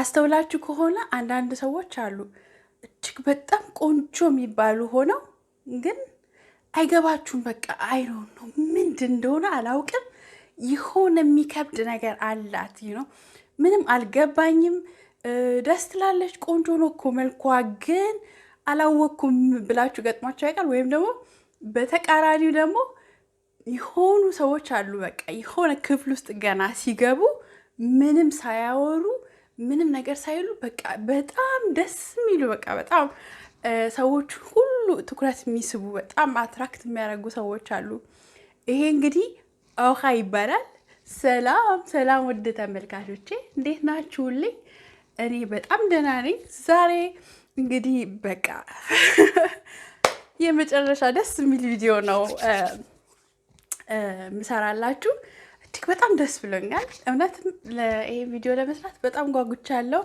አስተውላችሁ ከሆነ አንዳንድ ሰዎች አሉ እጅግ በጣም ቆንጆ የሚባሉ ሆነው ግን አይገባችሁም። በቃ አይነው ነው ምንድን እንደሆነ አላውቅም። የሆነ የሚከብድ ነገር አላት ነው ምንም አልገባኝም። ደስ ትላለች፣ ቆንጆ ነው እኮ መልኳ፣ ግን አላወቅኩም ብላችሁ ገጥሟቸው ያውቃል? ወይም ደግሞ በተቃራኒው ደግሞ የሆኑ ሰዎች አሉ በቃ የሆነ ክፍል ውስጥ ገና ሲገቡ ምንም ሳያወሩ ምንም ነገር ሳይሉ በቃ በጣም ደስ የሚሉ በቃ በጣም ሰዎች ሁሉ ትኩረት የሚስቡ በጣም አትራክት የሚያደርጉ ሰዎች አሉ። ይሄ እንግዲህ አውሃ ይባላል። ሰላም ሰላም፣ ውድ ተመልካቾቼ እንዴት ናችሁልኝ? እኔ በጣም ደህና ነኝ። ዛሬ እንግዲህ በቃ የመጨረሻ ደስ የሚል ቪዲዮ ነው ምሰራላችሁ። እጅግ በጣም ደስ ብሎኛል። እውነትም ይሄ ቪዲዮ ለመስራት በጣም ጓጉቻለሁ።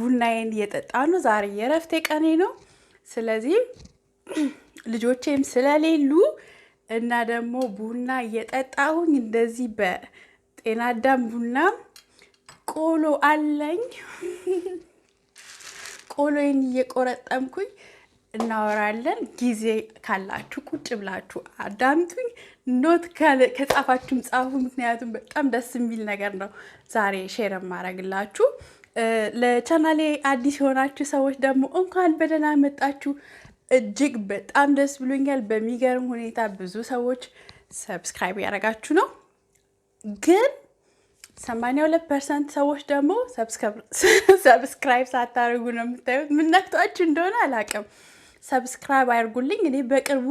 ቡናዬን እየጠጣ ነው። ዛሬ የረፍቴ ቀኔ ነው። ስለዚህ ልጆቼም ስለሌሉ እና ደግሞ ቡና እየጠጣሁኝ እንደዚህ በጤና አዳም ቡና ቆሎ አለኝ። ቆሎዬን እየቆረጠምኩኝ እናወራለን። ጊዜ ካላችሁ ቁጭ ብላችሁ አዳምጡኝ። ኖት ከጻፋችሁም ጻፉ፣ ምክንያቱም በጣም ደስ የሚል ነገር ነው ዛሬ ሼር ማረግላችሁ። ለቻናሌ አዲስ የሆናችሁ ሰዎች ደግሞ እንኳን በደህና መጣችሁ። እጅግ በጣም ደስ ብሎኛል። በሚገርም ሁኔታ ብዙ ሰዎች ሰብስክራይብ ያደረጋችሁ ነው ግን 82 ፐርሰንት ሰዎች ደግሞ ሰብስክራይብ ሳታደርጉ ነው የምታዩት። ምን ነክቷችሁ እንደሆነ አላውቅም። ሰብስክራይብ አድርጉልኝ። እኔ በቅርቡ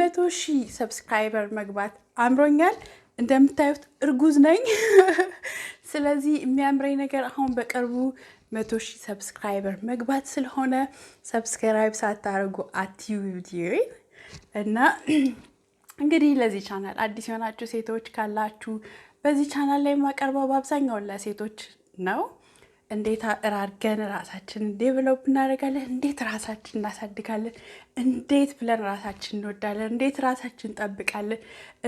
መቶ ሺህ ሰብስክራይበር መግባት አምሮኛል። እንደምታዩት እርጉዝ ነኝ። ስለዚህ የሚያምረኝ ነገር አሁን በቅርቡ መቶ ሺህ ሰብስክራይበር መግባት ስለሆነ ሰብስክራይብ ሳታደርጉ አትዩ እና እንግዲህ ለዚህ ቻናል አዲስ የሆናችሁ ሴቶች ካላችሁ በዚህ ቻናል ላይ የማቀርበው በአብዛኛውን ለሴቶች ነው። እንዴት እራርገን ራሳችን ዴቨሎፕ እናደርጋለን፣ እንዴት ራሳችን እናሳድጋለን፣ እንዴት ብለን ራሳችን እንወዳለን፣ እንዴት ራሳችን እንጠብቃለን፣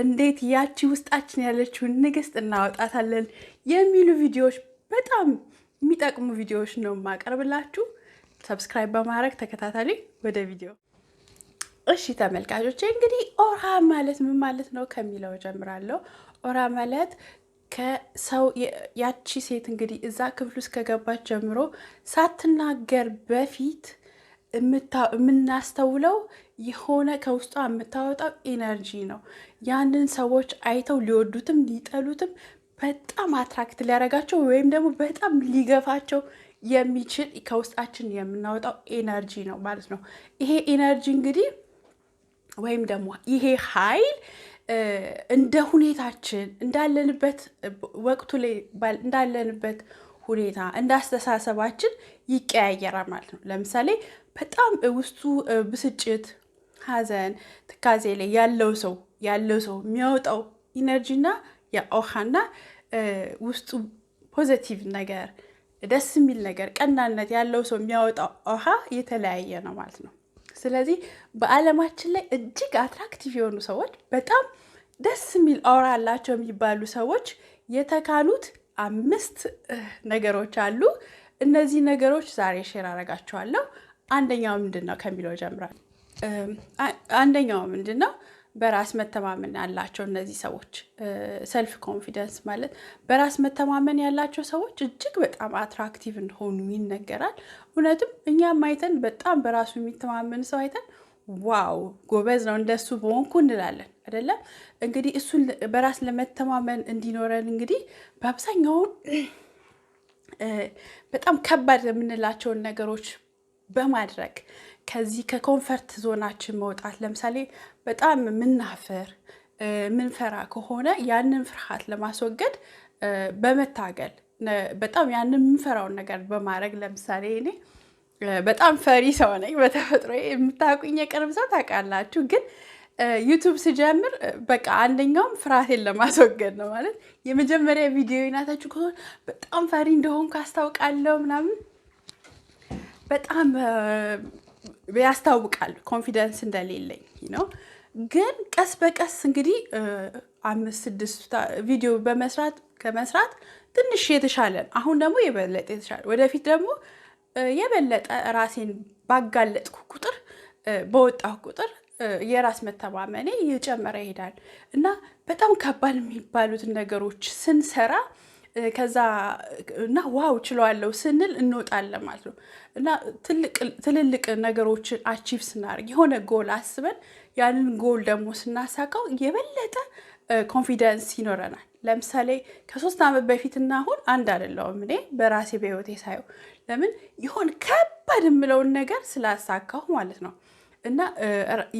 እንዴት ያቺ ውስጣችን ያለችውን ንግስት እናወጣታለን የሚሉ ቪዲዮዎች በጣም የሚጠቅሙ ቪዲዮዎች ነው የማቀርብላችሁ። ሰብስክራይብ በማድረግ ተከታታሊ ወደ ቪዲዮ። እሺ ተመልካቾች እንግዲህ ኦራ ማለት ምን ማለት ነው ከሚለው ጀምራለሁ። ኦራ ማለት ከሰው ያቺ ሴት እንግዲህ እዛ ክፍል ውስጥ ከገባች ጀምሮ ሳትናገር በፊት የምናስተውለው የሆነ ከውስጧ የምታወጣው ኢነርጂ ነው። ያንን ሰዎች አይተው ሊወዱትም ሊጠሉትም በጣም አትራክት ሊያደርጋቸው ወይም ደግሞ በጣም ሊገፋቸው የሚችል ከውስጣችን የምናወጣው ኢነርጂ ነው ማለት ነው። ይሄ ኢነርጂ እንግዲህ ወይም ደግሞ ይሄ ኃይል እንደ ሁኔታችን እንዳለንበት ወቅቱ ላይ እንዳለንበት ሁኔታ እንደ አስተሳሰባችን ይቀያየራል ማለት ነው። ለምሳሌ በጣም ውስጡ ብስጭት፣ ሐዘን፣ ትካዜ ላይ ያለው ሰው ያለው ሰው የሚያወጣው ኢነርጂና የአውሃና ውስጡ ፖዘቲቭ ነገር ደስ የሚል ነገር ቀናነት ያለው ሰው የሚያወጣው ውሃ የተለያየ ነው ማለት ነው። ስለዚህ በዓለማችን ላይ እጅግ አትራክቲቭ የሆኑ ሰዎች በጣም ደስ የሚል አውራ አላቸው የሚባሉ ሰዎች የተካኑት አምስት ነገሮች አሉ። እነዚህ ነገሮች ዛሬ ሼር አረጋቸዋለሁ። አንደኛው ምንድን ነው ከሚለው ጀምራል። አንደኛው ምንድን ነው በራስ መተማመን ያላቸው እነዚህ ሰዎች ሰልፍ ኮንፊደንስ ማለት በራስ መተማመን ያላቸው ሰዎች እጅግ በጣም አትራክቲቭ እንደሆኑ ይነገራል። እውነትም እኛም አይተን በጣም በራሱ የሚተማመን ሰው አይተን ዋው ጎበዝ ነው እንደሱ በሆንኩ እንላለን። አይደለም እንግዲህ እሱን በራስ ለመተማመን እንዲኖረን እንግዲህ በአብዛኛውን በጣም ከባድ የምንላቸውን ነገሮች በማድረግ ከዚህ ከኮንፈርት ዞናችን መውጣት ለምሳሌ በጣም ምናፍር ምንፈራ ከሆነ ያንን ፍርሃት ለማስወገድ በመታገል በጣም ያንን የምንፈራውን ነገር በማድረግ ለምሳሌ እኔ በጣም ፈሪ ሰው ነኝ በተፈጥሮ የምታውቁኝ የቅርብ ሰው ታውቃላችሁ ግን ዩቱብ ስጀምር በቃ አንደኛውም ፍርሃቴን ለማስወገድ ነው ማለት የመጀመሪያ ቪዲዮ ናታችሁ ከሆነ በጣም ፈሪ እንደሆንኩ አስታውቃለሁ ምናምን በጣም ያስታውቃል ኮንፊደንስ እንደሌለኝ ነው። ግን ቀስ በቀስ እንግዲህ አምስት ስድስት ቪዲዮ በመስራት ከመስራት ትንሽ የተሻለን አሁን ደግሞ የበለጠ የተሻለ ወደፊት ደግሞ የበለጠ ራሴን ባጋለጥኩ ቁጥር በወጣሁ ቁጥር የራስ መተማመኔ እየጨመረ ይሄዳል እና በጣም ከባድ የሚባሉትን ነገሮች ስንሰራ ከዛ እና ዋው ችለዋለው ስንል እንወጣለን ማለት ነው። እና ትልልቅ ነገሮችን አቺቭ ስናደርግ የሆነ ጎል አስበን ያንን ጎል ደግሞ ስናሳካው የበለጠ ኮንፊደንስ ይኖረናል። ለምሳሌ ከሶስት ዓመት በፊት እና አሁን አንድ አይደለሁም። እኔ በራሴ በህይወቴ ሳየው ለምን ይሆን ከባድ የምለውን ነገር ስላሳካሁ ማለት ነው። እና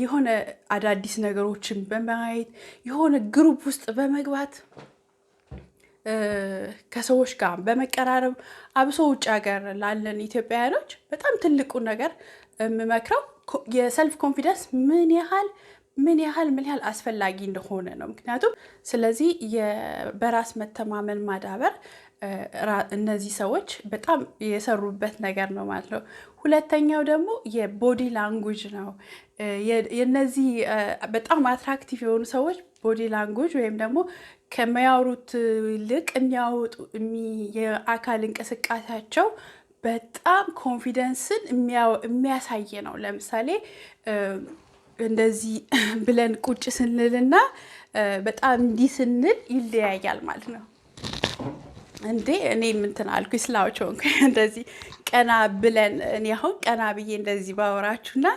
የሆነ አዳዲስ ነገሮችን በማየት የሆነ ግሩፕ ውስጥ በመግባት ከሰዎች ጋር በመቀራረብ አብሶ ውጭ ሀገር ላለን ኢትዮጵያውያኖች በጣም ትልቁ ነገር የምመክረው የሰልፍ ኮንፊደንስ ምን ያህል ምን ያህል ምን ያህል አስፈላጊ እንደሆነ ነው። ምክንያቱም ስለዚህ በራስ መተማመን ማዳበር እነዚህ ሰዎች በጣም የሰሩበት ነገር ነው ማለት ነው። ሁለተኛው ደግሞ የቦዲ ላንጉጅ ነው። የነዚህ በጣም አትራክቲቭ የሆኑ ሰዎች ቦዲ ላንጉጅ ወይም ደግሞ ከሚያወሩት ይልቅ የሚያወጡ የአካል እንቅስቃሴያቸው በጣም ኮንፊደንስን የሚያሳይ ነው። ለምሳሌ እንደዚህ ብለን ቁጭ ስንልና በጣም እንዲህ ስንል ይለያያል ማለት ነው። እንዴ እኔ ምንትን አልኩ ስላዎች ሆንኩ። እንደዚህ ቀና ብለን እኔ አሁን ቀና ብዬ እንደዚህ ባወራችሁና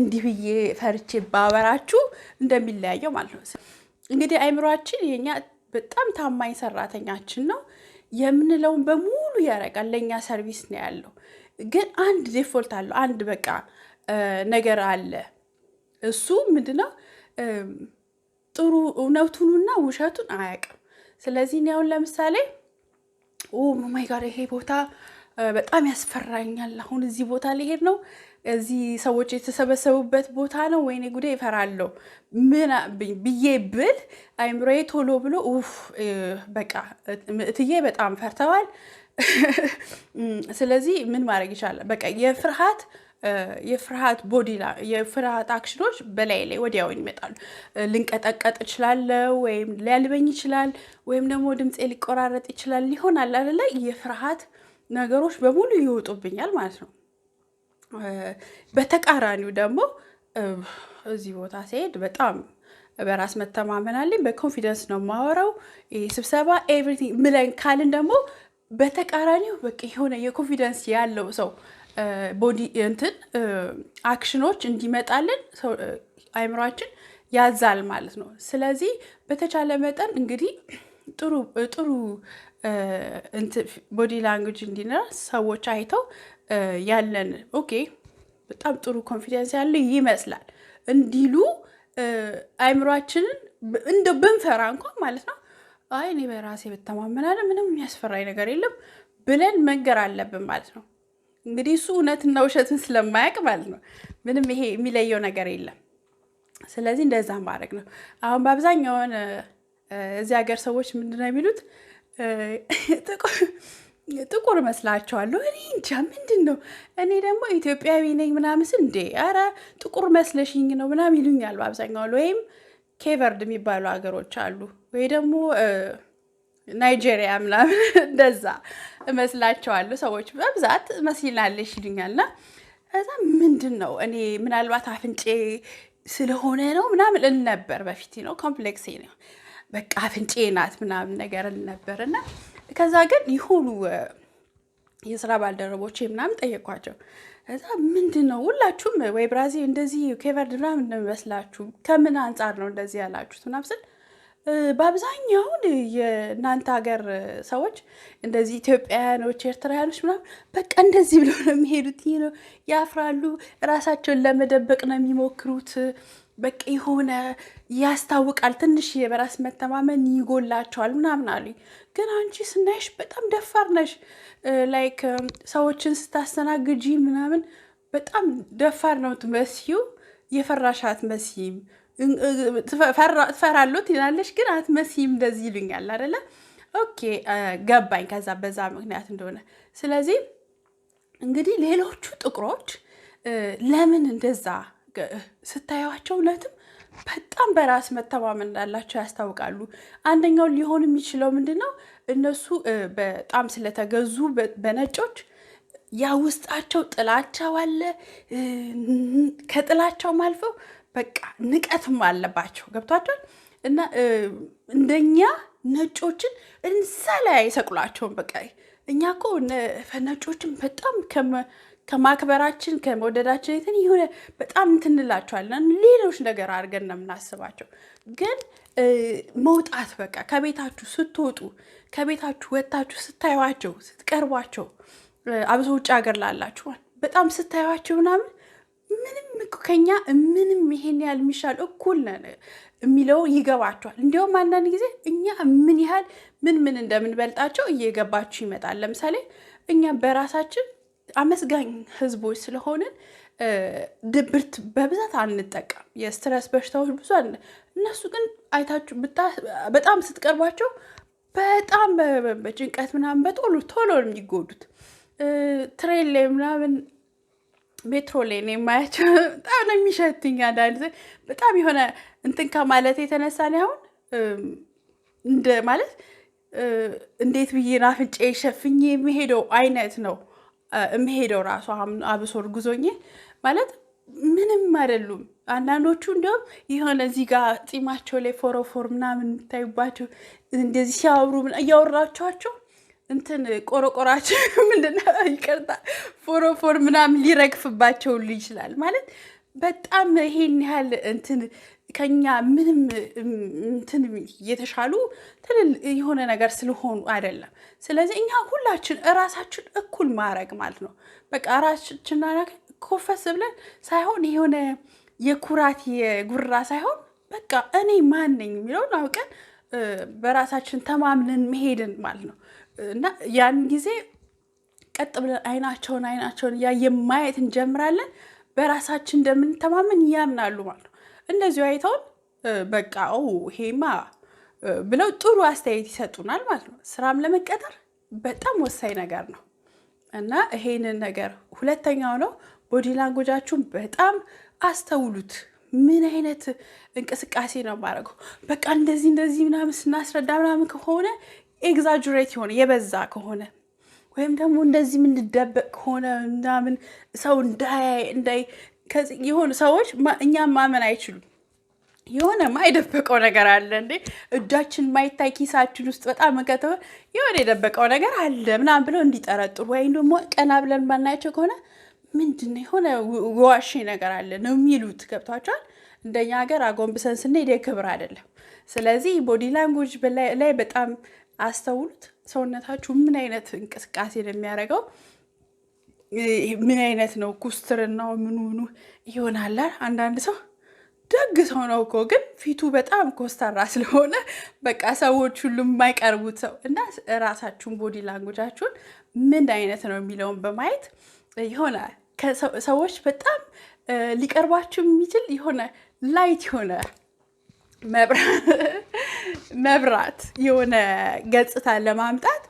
እንዲህ ብዬ ፈርቼ ባወራችሁ እንደሚለያየው ማለት ነው። እንግዲህ አይምሯችን የኛ በጣም ታማኝ ሰራተኛችን ነው። የምንለውን በሙሉ ያረቃል። ለእኛ ሰርቪስ ነው ያለው። ግን አንድ ዴፎልት አለው። አንድ በቃ ነገር አለ። እሱ ምንድነው? ጥሩ እውነቱንና ውሸቱን አያውቅም። ስለዚህ እኔ አሁን ለምሳሌ ማይ ይሄ ቦታ በጣም ያስፈራኛል፣ አሁን እዚህ ቦታ ሊሄድ ነው እዚህ ሰዎች የተሰበሰቡበት ቦታ ነው። ወይኔ ጉዴ ይፈራለሁ ምን ብዬ ብል አይምሮዬ ቶሎ ብሎ ኡፍ በቃ እትዬ በጣም ፈርተዋል። ስለዚህ ምን ማድረግ ይቻላል? በቃ የፍርሃት የፍርሃት ቦዲ የፍርሃት አክሽኖች በላይ ላይ ወዲያውን ይመጣሉ። ልንቀጠቀጥ እችላለሁ ወይም ሊያልበኝ ይችላል ወይም ደግሞ ድምፄ ሊቆራረጥ ይችላል። ሊሆን አለ የፍርሃት ነገሮች በሙሉ ይወጡብኛል ማለት ነው። በተቃራኒው ደግሞ እዚህ ቦታ ሲሄድ በጣም በራስ መተማመን አለኝ፣ በኮንፊደንስ ነው የማወራው፣ ስብሰባ ኤቭሪቲንግ ምለን ካልን ደግሞ በተቃራኒው በቃ የሆነ የኮንፊደንስ ያለው ሰው ቦዲ እንትን አክሽኖች እንዲመጣልን አይምሯችን ያዛል ማለት ነው። ስለዚህ በተቻለ መጠን እንግዲህ ጥሩ ጥሩ ቦዲ ላንጉጅ እንዲኖር ሰዎች አይተው ያለን ኦኬ፣ በጣም ጥሩ ኮንፊደንስ ያለ ይመስላል እንዲሉ አይምሯችንን እንደ ብንፈራ እንኳን ማለት ነው አይ እኔ በራሴ ብተማመናለ ምንም የሚያስፈራኝ ነገር የለም ብለን መንገር አለብን ማለት ነው። እንግዲህ እሱ እውነትና ውሸትን ስለማያውቅ ማለት ነው ምንም ይሄ የሚለየው ነገር የለም። ስለዚህ እንደዛ ማድረግ ነው። አሁን በአብዛኛውን እዚህ ሀገር ሰዎች ምንድነው የሚሉት ጥቁር መስላቸዋለሁ። እኔ እንጃ ምንድን ነው። እኔ ደግሞ ኢትዮጵያዊ ነኝ ምናምስ እንዴ አረ ጥቁር መስለሽኝ ነው ምናም ይሉኛል በአብዛኛው ወይም ኬቨርድ የሚባሉ ሀገሮች አሉ ወይ ደግሞ ናይጄሪያ ምናምን እንደዛ እመስላቸዋለሁ። ሰዎች በብዛት ይሉኛል ይሉኛልና እዛ ምንድን ነው እኔ ምናልባት አፍንጬ ስለሆነ ነው ምናምን እል ነበር በፊት ነው ኮምፕሌክሴ ነው በቃ አፍንጬ ናት ምናምን ነገር እል ነበር እና ከዛ ግን ይሁሉ የስራ ባልደረቦች ምናምን ጠየቋቸው። ከዛ ምንድን ነው ሁላችሁም ወይ ብራዚል እንደዚህ ኬቨርድ ምናምን እንደሚመስላችሁ ከምን አንጻር ነው እንደዚህ ያላችሁት ምናምን ስል በአብዛኛውን የእናንተ ሀገር ሰዎች እንደዚህ ኢትዮጵያውያኖች፣ ኤርትራውያኖች ምናምን በቃ እንደዚህ ብለው ነው የሚሄዱት። ይህ ነው ያፍራሉ፣ ራሳቸውን ለመደበቅ ነው የሚሞክሩት በቃ የሆነ ያስታውቃል፣ ትንሽ የበራስ መተማመን ይጎላቸዋል ምናምን አሉ። ግን አንቺ ስናይሽ በጣም ደፋር ነሽ፣ ላይክ ሰዎችን ስታስተናግጂ ምናምን በጣም ደፋር ነው ትመስዩ፣ የፈራሽ አትመስይም፣ ትፈራሉት ይላለሽ፣ ግን አትመስይም እንደዚህ ይሉኛል አደለ? ኦኬ ገባኝ፣ ከዛ በዛ ምክንያት እንደሆነ ስለዚህ እንግዲህ ሌሎቹ ጥቁሮች ለምን እንደዛ ስታያቸው እውነትም በጣም በራስ መተማመን እንዳላቸው ያስታውቃሉ። አንደኛው ሊሆን የሚችለው ምንድን ነው? እነሱ በጣም ስለተገዙ በነጮች ያ ውስጣቸው ጥላቸው አለ። ከጥላቻውም አልፈው በቃ ንቀትም አለባቸው። ገብቷቸዋል። እና እንደኛ ነጮችን እንሳ ላይ አይሰቅሏቸውም። በቃ እኛ እኮ ነጮችን በጣም ከማክበራችን ከመወደዳችን የትን የሆነ በጣም እንትንላቸዋለን ሌሎች ነገር አድርገን ነው የምናስባቸው። ግን መውጣት በቃ ከቤታችሁ ስትወጡ ከቤታችሁ ወጥታችሁ ስታዩቸው ስትቀርቧቸው፣ አብዞ ውጭ ሀገር ላላችሁ በጣም ስታዩቸው ምናምን ምንም ከኛ ምንም ይሄን ያህል የሚሻል እኩል ነን የሚለው ይገባቸዋል። እንዲሁም አንዳንድ ጊዜ እኛ ምን ያህል ምን ምን እንደምንበልጣቸው እየገባችሁ ይመጣል። ለምሳሌ እኛ በራሳችን አመስጋኝ ህዝቦች ስለሆንን ድብርት በብዛት አንጠቀም። የስትረስ በሽታዎች ብዙ አለ። እነሱ ግን አይታችሁ በጣም ስትቀርቧቸው በጣም በጭንቀት ምናምን በቶሎ ቶሎ ነው የሚጎዱት። ትሬን ላይ ምናምን ሜትሮ ላይ ነው የማያቸው። በጣም ነው የሚሸትኝ አንዳንድ በጣም የሆነ እንትን ከማለት የተነሳ እኔ አሁን እንደ ማለት እንዴት ብዬ ናፍንጫ የሸፍኝ የሚሄደው አይነት ነው የምሄደው ራሱ አብሶ እርጉዞኜ ማለት ምንም አይደሉም። አንዳንዶቹ እንዲሁም የሆነ እዚህ ጋር ጢማቸው ላይ ፎረፎር ምናምን የምታዩባቸው እንደዚህ ሲያወሩ እያወራቸኋቸው እንትን ቆረቆራቸው ምንድን ነው ይቅርታ፣ ፎረፎር ምናምን ሊረግፍባቸው ሁሉ ይችላል። ማለት በጣም ይሄን ያህል እንትን ከኛ ምንም እንትን እየተሻሉ ትልል የሆነ ነገር ስለሆኑ አይደለም። ስለዚህ እኛ ሁላችን እራሳችን እኩል ማድረግ ማለት ነው። በቃ ራሳችን ኮፈስ ብለን ሳይሆን የሆነ የኩራት የጉራ ሳይሆን በቃ እኔ ማን ነኝ የሚለውን አውቀን በራሳችን ተማምነን መሄድን ማለት ነው እና ያን ጊዜ ቀጥ ብለን አይናቸውን አይናቸውን እያየን ማየት እንጀምራለን። በራሳችን እንደምንተማመን ያምናሉ ማለት ነው። እንደዚሁ አይተውን በቃ ሄማ ብለው ጥሩ አስተያየት ይሰጡናል ማለት ነው። ስራም ለመቀጠር በጣም ወሳኝ ነገር ነው እና ይሄንን ነገር ሁለተኛው ነው ቦዲ ላንጎጃችሁን በጣም አስተውሉት። ምን አይነት እንቅስቃሴ ነው የማደርገው? በቃ እንደዚህ እንደዚህ ምናምን ስናስረዳ ምናምን ከሆነ ኤግዛጅሬት የሆነ የበዛ ከሆነ ወይም ደግሞ እንደዚህ የምንደበቅ ከሆነ ምናምን ሰው እንዳይ እንዳይ የሆኑ ሰዎች እኛም ማመን አይችሉም። የሆነ የማይደበቀው ነገር አለ እንዴ? እጃችን ማይታይ ኪሳችን ውስጥ በጣም ከተው የሆነ የደበቀው ነገር አለ ምናምን ብለው እንዲጠረጥሩ ወይም ደግሞ ቀና ብለን ባናያቸው ከሆነ ምንድን የሆነ ዋሽ ነገር አለ ነው የሚሉት። ገብቷቸዋል። እንደኛ ሀገር አጎንብሰን ስንሄድ የክብር አይደለም። ስለዚህ ቦዲ ላንጉጅ ላይ በጣም አስተውሉት። ሰውነታችሁ ምን አይነት እንቅስቃሴ ነው የሚያደርገው? ምን አይነት ነው ኩስትርናው? ምኑ ምኑ ይሆናላል አንዳንድ ሰው ደግ ሰው ነው እኮ ግን ፊቱ በጣም ኮስታራ ስለሆነ በቃ ሰዎች ሁሉ የማይቀርቡት ሰው እና ራሳችሁን ቦዲ ላንጉጃችሁን ምን አይነት ነው የሚለውን በማየት የሆነ ሰዎች በጣም ሊቀርባችሁ የሚችል የሆነ ላይት የሆነ መብራት የሆነ ገጽታ ለማምጣት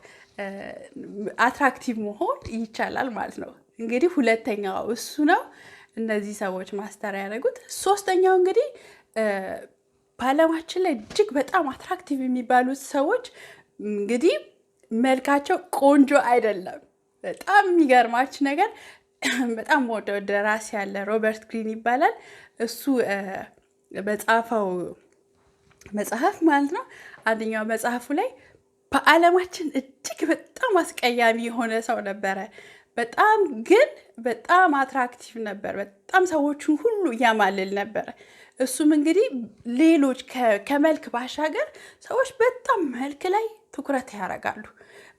አትራክቲቭ መሆን ይቻላል ማለት ነው። እንግዲህ ሁለተኛው እሱ ነው። እነዚህ ሰዎች ማስተር ያደረጉት። ሶስተኛው እንግዲህ በዓለማችን ላይ እጅግ በጣም አትራክቲቭ የሚባሉት ሰዎች እንግዲህ መልካቸው ቆንጆ አይደለም። በጣም የሚገርማች ነገር በጣም ወደ ደራሲ ያለ ሮበርት ግሪን ይባላል። እሱ በጻፈው መጽሐፍ ማለት ነው አንደኛው መጽሐፉ ላይ በዓለማችን እጅግ በጣም አስቀያሚ የሆነ ሰው ነበረ በጣም ግን በጣም አትራክቲቭ ነበር። በጣም ሰዎቹን ሁሉ እያማልል ነበረ። እሱም እንግዲህ ሌሎች ከመልክ ባሻገር ሰዎች በጣም መልክ ላይ ትኩረት ያደርጋሉ።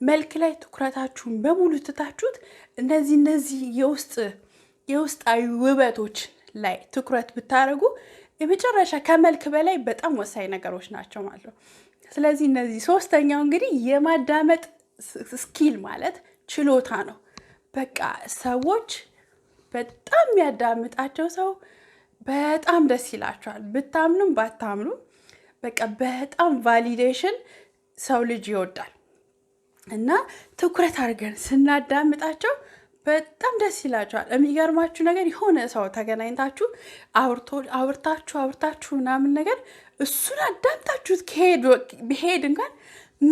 መልክ ላይ ትኩረታችሁን በሙሉ ትታችሁት እነዚህ እነዚህ የውስጥ የውስጣዊ ውበቶች ላይ ትኩረት ብታደርጉ የመጨረሻ ከመልክ በላይ በጣም ወሳኝ ነገሮች ናቸው ማለት ነው። ስለዚህ እነዚህ ሶስተኛው እንግዲህ የማዳመጥ ስኪል ማለት ችሎታ ነው። በቃ ሰዎች በጣም የሚያዳምጣቸው ሰው በጣም ደስ ይላቸዋል። ብታምኑም ባታምኑ በቃ በጣም ቫሊዴሽን ሰው ልጅ ይወዳል እና ትኩረት አድርገን ስናዳምጣቸው በጣም ደስ ይላቸዋል። የሚገርማችሁ ነገር የሆነ ሰው ተገናኝታችሁ አውርታችሁ አውርታችሁ ምናምን ነገር እሱን አዳምጣችሁት ብሄድ እንኳን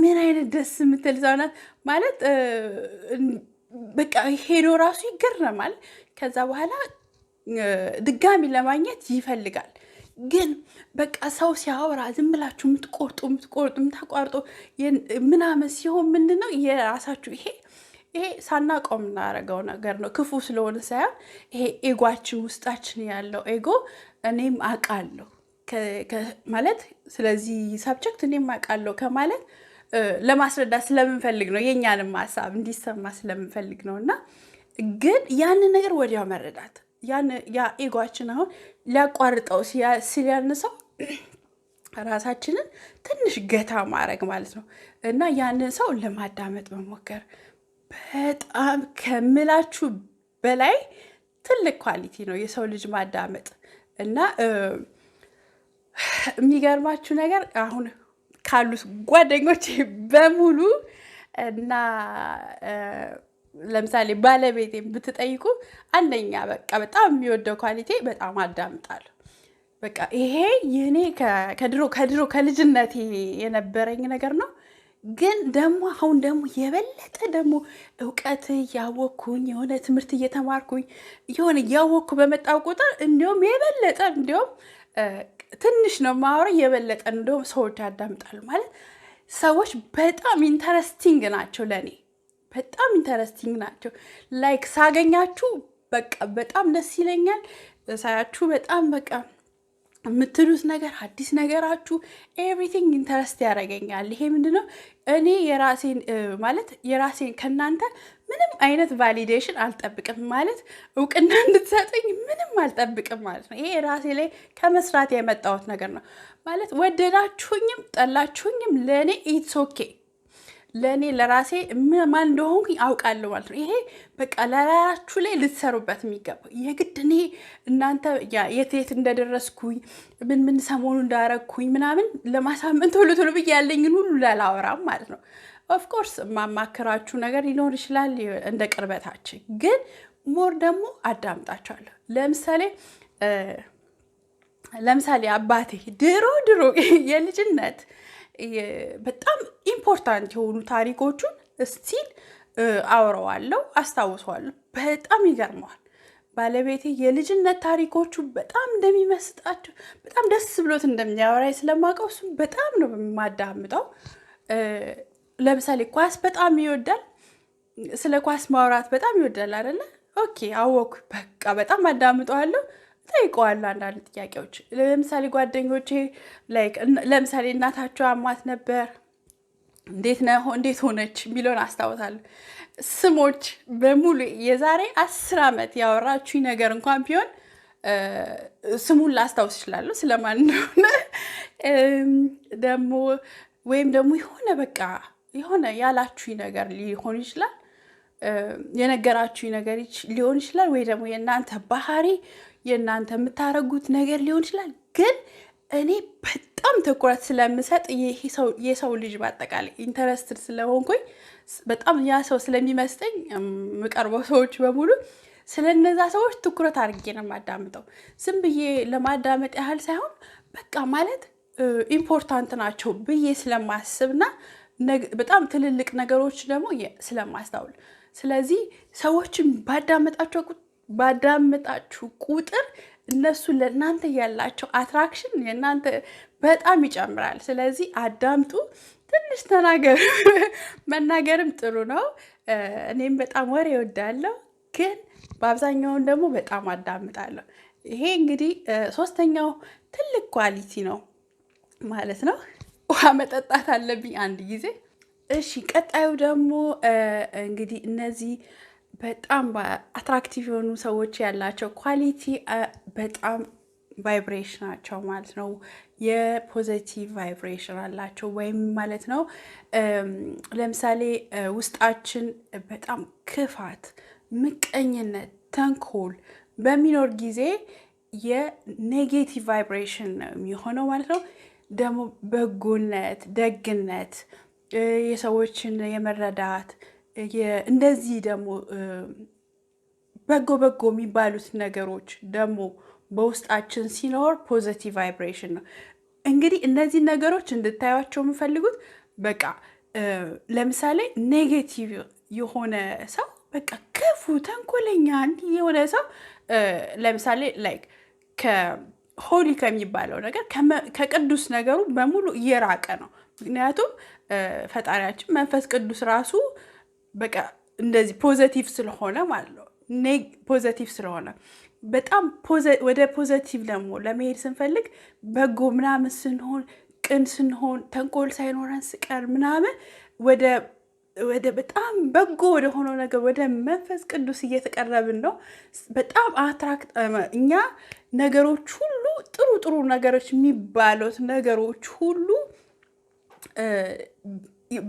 ምን አይነት ደስ የምትል ሰው ናት ማለት በቃ ሄዶ ራሱ ይገረማል። ከዛ በኋላ ድጋሚ ለማግኘት ይፈልጋል። ግን በቃ ሰው ሲያወራ ዝም ብላችሁ የምትቆርጡ የምትቆርጡ የምታቋርጡ ምናምን ሲሆን ምንድን ነው የራሳችሁ ይሄ ይሄ ሳናቀው የምናደርገው ነገር ነው። ክፉ ስለሆነ ሳይሆን ይሄ ኤጓችን ውስጣችን ያለው ኤጎ እኔም አውቃለሁ ማለት ስለዚህ ሰብጀክት እኔም አውቃለሁ ከማለት ለማስረዳት ስለምንፈልግ ነው። የእኛንም ሀሳብ እንዲሰማ ስለምንፈልግ ነው። እና ግን ያንን ነገር ወዲያው መረዳት ያ ኤጓችን አሁን ሊያቋርጠው ሲያንሰው ራሳችንን ትንሽ ገታ ማድረግ ማለት ነው እና ያንን ሰው ለማዳመጥ መሞከር በጣም ከምላችሁ በላይ ትልቅ ኳሊቲ ነው የሰው ልጅ ማዳመጥ እና የሚገርማችሁ ነገር አሁን ካሉት ጓደኞች በሙሉ እና ለምሳሌ ባለቤቴን ብትጠይቁ አንደኛ በቃ በጣም የሚወደው ኳሊቴ በጣም አዳምጣለሁ። በቃ ይሄ የኔ ከድሮ ከድሮ ከልጅነቴ የነበረኝ ነገር ነው። ግን ደግሞ አሁን ደግሞ የበለጠ ደግሞ እውቀት እያወቅኩኝ የሆነ ትምህርት እየተማርኩኝ የሆነ እያወቅኩ በመጣው ቁጥር እንዲሁም የበለጠ እንዲሁም ትንሽ ነው የማወራው፣ የበለጠ እንደውም ሰዎች ያዳምጣሉ ማለት ሰዎች በጣም ኢንተረስቲንግ ናቸው። ለእኔ በጣም ኢንተረስቲንግ ናቸው። ላይክ ሳገኛችሁ በቃ በጣም ደስ ይለኛል። ሳያችሁ በጣም በቃ የምትሉት ነገር አዲስ ነገራችሁ ኤቭሪቲንግ ኢንተረስት ያደርገኛል። ይሄ ምንድነው እኔ የራሴን ማለት የራሴን ከእናንተ ምንም አይነት ቫሊዴሽን አልጠብቅም ማለት እውቅና እንድትሰጠኝ ምንም አልጠብቅም ማለት ነው። ይሄ ራሴ ላይ ከመስራት የመጣሁት ነገር ነው ማለት ወደዳችሁኝም ጠላችሁኝም ለእኔ ኢትስ ኦኬ ለእኔ ለራሴ ማን እንደሆንኩኝ አውቃለሁ ማለት ነው። ይሄ በቃ ለራችሁ ላይ ልትሰሩበት የሚገባው የግድ እኔ እናንተ የት የት እንደደረስኩኝ ምን ምን ሰሞኑ እንዳረግኩኝ ምናምን ለማሳመን ቶሎ ቶሎ ብዬ ያለኝን ሁሉ ላላወራም ማለት ነው። ኦፍኮርስ የማማክራችሁ ነገር ሊኖር ይችላል እንደ ቅርበታችን፣ ግን ሞር ደግሞ አዳምጣችኋለሁ። ለምሳሌ ለምሳሌ አባቴ ድሮ ድሮ የልጅነት በጣም ኢምፖርታንት የሆኑ ታሪኮቹን ስቲል አውረዋለሁ፣ አስታውሰዋለሁ። በጣም ይገርመዋል። ባለቤቴ የልጅነት ታሪኮቹ በጣም እንደሚመስጣቸው በጣም ደስ ብሎት እንደሚያወራኝ ስለማውቀው እሱም በጣም ነው የማዳምጠው። ለምሳሌ ኳስ በጣም ይወዳል። ስለ ኳስ ማውራት በጣም ይወዳል አይደለ? ኦኬ አወኩ፣ በቃ በጣም አዳምጠዋለሁ ጠይቀዋለሁ አንዳንድ ጥያቄዎች። ለምሳሌ ጓደኞቼ ለምሳሌ እናታቸው አሟት ነበር እንዴት ነ እንዴት ሆነች የሚለውን አስታውሳለሁ። ስሞች በሙሉ የዛሬ አስር ዓመት ያወራችኝ ነገር እንኳን ቢሆን ስሙን ላስታውስ ይችላሉ ስለማን እንደሆነ ደግሞ ወይም ደግሞ የሆነ በቃ የሆነ ያላችሁኝ ነገር ሊሆን ይችላል፣ የነገራችሁኝ ነገር ሊሆን ይችላል፣ ወይ ደግሞ የእናንተ ባህሪ የእናንተ የምታረጉት ነገር ሊሆን ይችላል። ግን እኔ በጣም ትኩረት ስለምሰጥ የሰው ልጅ በአጠቃላይ ኢንተረስትድ ስለሆንኩኝ በጣም ያ ሰው ስለሚመስጠኝ የምቀርበው ሰዎች በሙሉ ስለነዛ ሰዎች ትኩረት አድርጌ ነው የማዳምጠው። ዝም ብዬ ለማዳመጥ ያህል ሳይሆን በቃ ማለት ኢምፖርታንት ናቸው ብዬ ስለማስብና በጣም ትልልቅ ነገሮች ደግሞ ስለማስታውል ስለዚህ ሰዎችን ባዳመጣችሁ ቁጥር እነሱ ለእናንተ ያላቸው አትራክሽን የእናንተ በጣም ይጨምራል። ስለዚህ አዳምጡ፣ ትንሽ ተናገር፣ መናገርም ጥሩ ነው። እኔም በጣም ወሬ እወዳለሁ፣ ግን በአብዛኛውን ደግሞ በጣም አዳምጣለሁ። ይሄ እንግዲህ ሶስተኛው ትልቅ ኳሊቲ ነው ማለት ነው። ውሃ መጠጣት አለብኝ አንድ ጊዜ። እሺ፣ ቀጣዩ ደግሞ እንግዲህ እነዚህ በጣም አትራክቲቭ የሆኑ ሰዎች ያላቸው ኳሊቲ በጣም ናቸው ማለት ነው የፖዘቲቭ ቫይብሬሽን አላቸው ወይም ማለት ነው። ለምሳሌ ውስጣችን በጣም ክፋት፣ ምቀኝነት፣ ተንኮል በሚኖር ጊዜ የኔጌቲቭ ቫይብሬሽን ነው የሚሆነው ማለት ነው። ደግሞ በጎነት፣ ደግነት፣ የሰዎችን የመረዳት እንደዚህ ደግሞ በጎ በጎ የሚባሉት ነገሮች ደግሞ በውስጣችን ሲኖር ፖዘቲቭ ቫይብሬሽን ነው። እንግዲህ እነዚህ ነገሮች እንድታዩቸው የምፈልጉት በቃ ለምሳሌ ኔጌቲቭ የሆነ ሰው በቃ ክፉ፣ ተንኮለኛ እንዲህ የሆነ ሰው ለምሳሌ ላይክ ሆሊ ከሚባለው ነገር ከቅዱስ ነገሩ በሙሉ እየራቀ ነው። ምክንያቱም ፈጣሪያችን መንፈስ ቅዱስ ራሱ በቃ እንደዚህ ፖዘቲቭ ስለሆነ ማለት ነው። ፖዘቲቭ ስለሆነ በጣም ወደ ፖዘቲቭ ደግሞ ለመሄድ ስንፈልግ በጎ ምናምን ስንሆን፣ ቅን ስንሆን፣ ተንኮል ሳይኖረን ስቀር ምናምን ወደ ወደ በጣም በጎ ወደ ሆነው ነገር ወደ መንፈስ ቅዱስ እየተቀረብን ነው። በጣም አትራክት እኛ ነገሮች ሁሉ ጥሩ ጥሩ ነገሮች የሚባሉት ነገሮች ሁሉ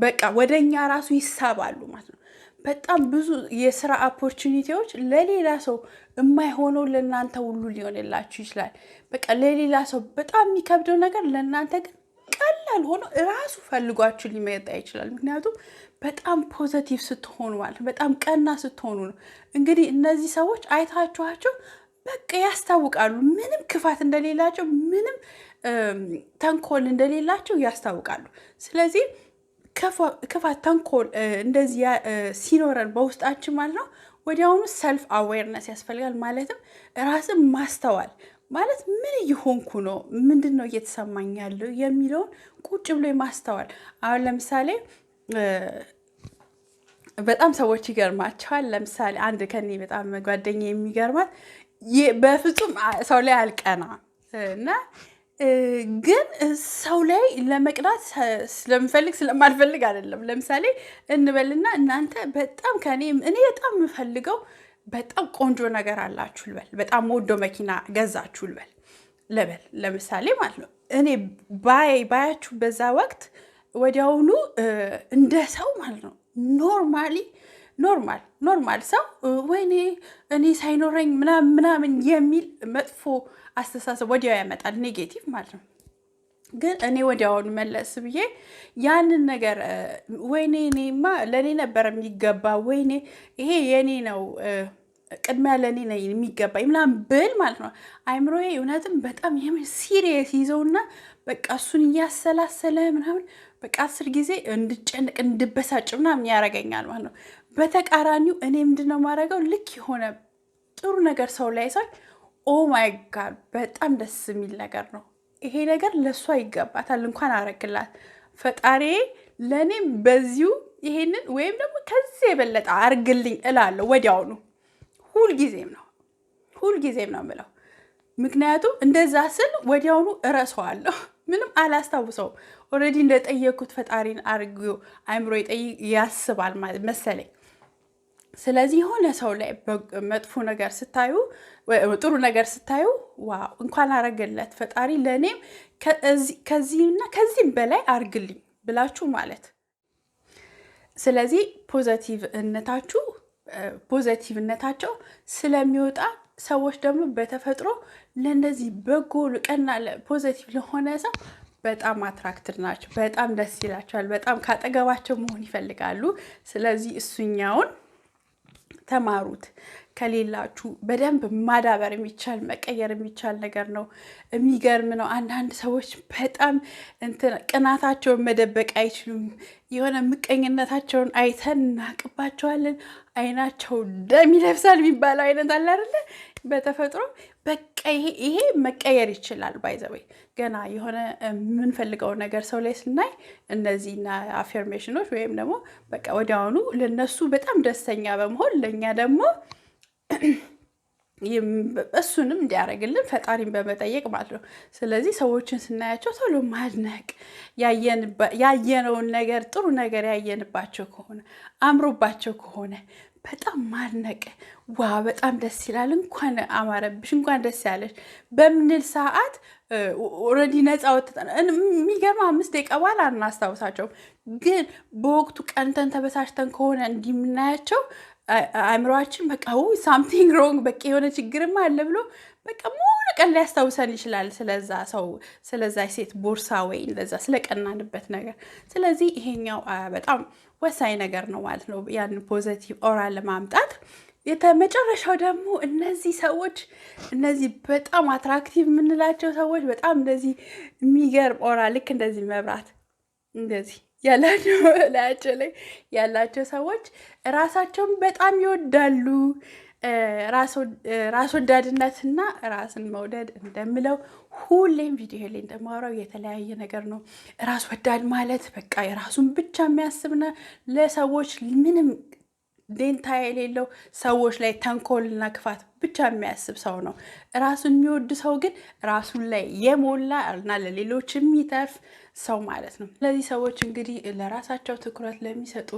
በቃ ወደ እኛ ራሱ ይሳባሉ ማለት ነው። በጣም ብዙ የስራ ኦፖርቹኒቲዎች ለሌላ ሰው የማይሆነው ለእናንተ ሁሉ ሊሆንላችሁ ይችላል። በቃ ለሌላ ሰው በጣም የሚከብደው ነገር ለእናንተ ግን ቀላል ሆኖ ራሱ ፈልጓችሁ ሊመጣ ይችላል። ምክንያቱም በጣም ፖዘቲቭ ስትሆኑ ማለት በጣም ቀና ስትሆኑ ነው። እንግዲህ እነዚህ ሰዎች አይታችኋቸው በቃ ያስታውቃሉ። ምንም ክፋት እንደሌላቸው፣ ምንም ተንኮል እንደሌላቸው ያስታውቃሉ። ስለዚህ ክፋት፣ ተንኮል እንደዚህ ሲኖረን በውስጣችን ማለት ነው ወዲያውኑ ሰልፍ አዌርነስ ያስፈልጋል። ማለትም ራስን ማስተዋል ማለት ምን እየሆንኩ ነው፣ ምንድን ነው እየተሰማኝ ያለው የሚለውን ቁጭ ብሎ ማስተዋል። አሁን ለምሳሌ በጣም ሰዎች ይገርማቸዋል። ለምሳሌ አንድ ከኔ በጣም ጓደኛ የሚገርማት በፍጹም ሰው ላይ አልቀና እና ግን ሰው ላይ ለመቅናት ስለምፈልግ ስለማልፈልግ አይደለም። ለምሳሌ እንበልና እናንተ በጣም ከኔ እኔ በጣም የምፈልገው በጣም ቆንጆ ነገር አላችሁ ልበል፣ በጣም ወዶ መኪና ገዛችሁ ልበል ልበል ለምሳሌ ማለት ነው። እኔ ባይ ባያችሁ በዛ ወቅት ወዲያውኑ እንደ ሰው ማለት ነው ኖርማሊ ኖርማል ኖርማል ሰው ወይኔ እኔ ሳይኖረኝ ምናምን ምናምን የሚል መጥፎ አስተሳሰብ ወዲያው ያመጣል፣ ኔጌቲቭ ማለት ነው። ግን እኔ ወዲያውን መለስ ብዬ ያንን ነገር ወይኔ እኔማ ለእኔ ነበር የሚገባ ወይኔ ይሄ የእኔ ነው ቅድሚያ ለእኔ ነው የሚገባ ምናምን ብል ማለት ነው አይምሮዬ እውነትም በጣም ሲሪየስ ይዘውና በቃ እሱን እያሰላሰለ ምናምን በቃ አስር ጊዜ እንድጨንቅ እንድበሳጭ ምናምን ያደርገኛል ማለት ነው። በተቃራኒው እኔ ምንድን ነው የማደርገው? ልክ የሆነ ጥሩ ነገር ሰው ላይ ሳይ ኦ ማይ ጋድ በጣም ደስ የሚል ነገር ነው ይሄ ነገር ለእሷ ይገባታል፣ እንኳን አረግላት ፈጣሪ ለእኔም በዚሁ ይሄንን ወይም ደግሞ ከዚህ የበለጠ አርግልኝ እላለሁ ወዲያውኑ። ሁልጊዜም ነው ሁልጊዜም ነው የምለው። ምክንያቱም እንደዛ ስል ወዲያውኑ እረሳዋለሁ። ምንም አላስታውሰውም። ኦልሬዲ እንደጠየኩት ፈጣሪን አድርጊው አይምሮ ያስባል መሰለኝ። ስለዚህ የሆነ ሰው ላይ መጥፎ ነገር ስታዩ፣ ጥሩ ነገር ስታዩ ዋው እንኳን አረገለት ፈጣሪ ለእኔም ከዚህና ከዚህም በላይ አርግልኝ ብላችሁ ማለት። ስለዚህ ፖዘቲቭነታችሁ ፖዘቲቭነታቸው ስለሚወጣ ሰዎች ደግሞ በተፈጥሮ ለእንደዚህ በጎ ቀና ፖዘቲቭ ለሆነ ሰው በጣም አትራክትድ ናቸው። በጣም ደስ ይላቸዋል። በጣም ካጠገባቸው መሆን ይፈልጋሉ። ስለዚህ እሱኛውን ተማሩት። ከሌላችሁ በደንብ ማዳበር የሚቻል መቀየር የሚቻል ነገር ነው። የሚገርም ነው። አንዳንድ ሰዎች በጣም ቅናታቸውን መደበቅ አይችሉም። የሆነ ምቀኝነታቸውን አይተን እናቅባቸዋለን። አይናቸው ደም ይለብሳል የሚባለው አይነት አለ አይደለ? በተፈጥሮ በቃ ይሄ መቀየር ይችላል። ባይዘወይ ገና የሆነ የምንፈልገው ነገር ሰው ላይ ስናይ እነዚህና አፌርሜሽኖች ወይም ደግሞ በቃ ወዲያውኑ ለነሱ በጣም ደስተኛ በመሆን ለእኛ ደግሞ እሱንም እንዲያደርግልን ፈጣሪን በመጠየቅ ማለት ነው። ስለዚህ ሰዎችን ስናያቸው ቶሎ ማድነቅ፣ ያየነውን ነገር ጥሩ ነገር ያየንባቸው ከሆነ አምሮባቸው ከሆነ በጣም ማድነቅ ዋ፣ በጣም ደስ ይላል፣ እንኳን አማረብሽ፣ እንኳን ደስ ያለሽ በምንል ሰዓት ኦልሬዲ ነፃ ወጥተን የሚገርም አምስት ደቂቃ በኋላ አናስታውሳቸውም። ግን በወቅቱ ቀንተን ተበሳሽተን ከሆነ እንዲህ የምናያቸው አእምሯችን በቃ ሳምቲንግ ሮንግ በቃ የሆነ ችግርም አለ ብሎ በቃ ሙሉ ቀን ሊያስታውሰን ይችላል፣ ስለዛ ሰው፣ ስለዛ ሴት ቦርሳ ወይ ለዛ ስለቀናንበት ነገር። ስለዚህ ይሄኛው በጣም ወሳኝ ነገር ነው ማለት ነው። ያን ፖዘቲቭ ኦራ ለማምጣት የተመጨረሻው ደግሞ እነዚህ ሰዎች እነዚህ በጣም አትራክቲቭ የምንላቸው ሰዎች በጣም እንደዚህ የሚገርም ኦራ ልክ እንደዚህ መብራት እንደዚህ ያላቸው ላይ ያላቸው ሰዎች እራሳቸውን በጣም ይወዳሉ። ራስ ወዳድነትና ራስን መውደድ እንደምለው ሁሌም ቪዲዮ ላይ እንደማወራው የተለያየ ነገር ነው። ራስ ወዳድ ማለት በቃ የራሱን ብቻ የሚያስብና ለሰዎች ምንም ደንታ የሌለው ሰዎች ላይ ተንኮልና ክፋት ብቻ የሚያስብ ሰው ነው። ራሱን የሚወድ ሰው ግን ራሱን ላይ የሞላ እና ለሌሎች የሚተርፍ ሰው ማለት ነው። ስለዚህ ሰዎች እንግዲህ ለራሳቸው ትኩረት ለሚሰጡ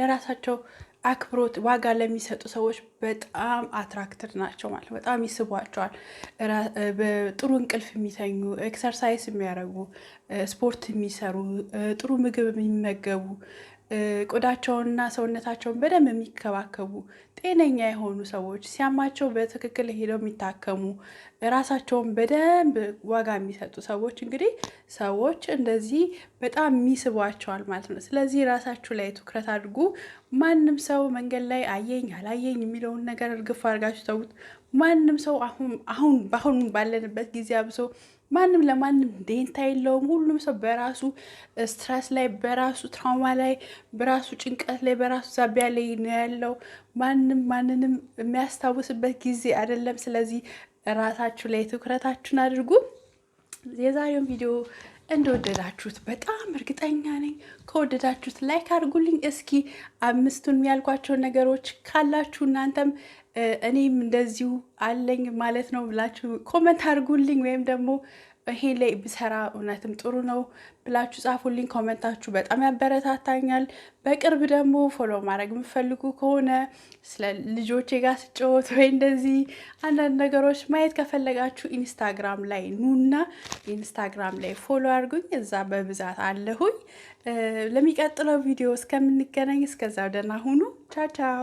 ለራሳቸው አክብሮት ዋጋ ለሚሰጡ ሰዎች በጣም አትራክትድ ናቸው ማለት በጣም ይስቧቸዋል። ጥሩ እንቅልፍ የሚተኙ ኤክሰርሳይዝ የሚያደርጉ ስፖርት የሚሰሩ ጥሩ ምግብ የሚመገቡ ቆዳቸውንና ሰውነታቸውን በደንብ የሚከባከቡ ጤነኛ የሆኑ ሰዎች ሲያማቸው በትክክል ሄደው የሚታከሙ ራሳቸውን በደንብ ዋጋ የሚሰጡ ሰዎች እንግዲህ ሰዎች እንደዚህ በጣም የሚስቧቸዋል ማለት ነው። ስለዚህ ራሳችሁ ላይ ትኩረት አድርጉ። ማንም ሰው መንገድ ላይ አየኝ አላየኝ የሚለውን ነገር እርግፍ አድርጋችሁ ተዉት። ማንም ሰው አሁን አሁን ባለንበት ጊዜ አብሶ ማንም ለማንም ደንታ የለውም። ሁሉም ሰው በራሱ ስትረስ ላይ፣ በራሱ ትራውማ ላይ፣ በራሱ ጭንቀት ላይ፣ በራሱ ዛቢያ ላይ ነው ያለው። ማንም ማንንም የሚያስታውስበት ጊዜ አይደለም። ስለዚህ ራሳችሁ ላይ ትኩረታችሁን አድርጉ። የዛሬውን ቪዲዮ እንደወደዳችሁት በጣም እርግጠኛ ነኝ። ከወደዳችሁት ላይክ አድርጉልኝ። እስኪ አምስቱን የሚያልኳቸውን ነገሮች ካላችሁ እናንተም እኔም እንደዚሁ አለኝ ማለት ነው ብላችሁ ኮመንት አድርጉልኝ ወይም ደግሞ ይሄ ላይ ብሰራ እውነትም ጥሩ ነው ብላችሁ ጻፉልኝ። ኮመንታችሁ በጣም ያበረታታኛል። በቅርብ ደግሞ ፎሎ ማድረግ የምፈልጉ ከሆነ ስለ ልጆቼ ጋር ስጫወት ወይ እንደዚህ አንዳንድ ነገሮች ማየት ከፈለጋችሁ ኢንስታግራም ላይ ኑና ኢንስታግራም ላይ ፎሎ አድርጉኝ። እዛ በብዛት አለሁኝ። ለሚቀጥለው ቪዲዮ እስከምንገናኝ እስከዛው ደህና ሁኑ። ቻቻው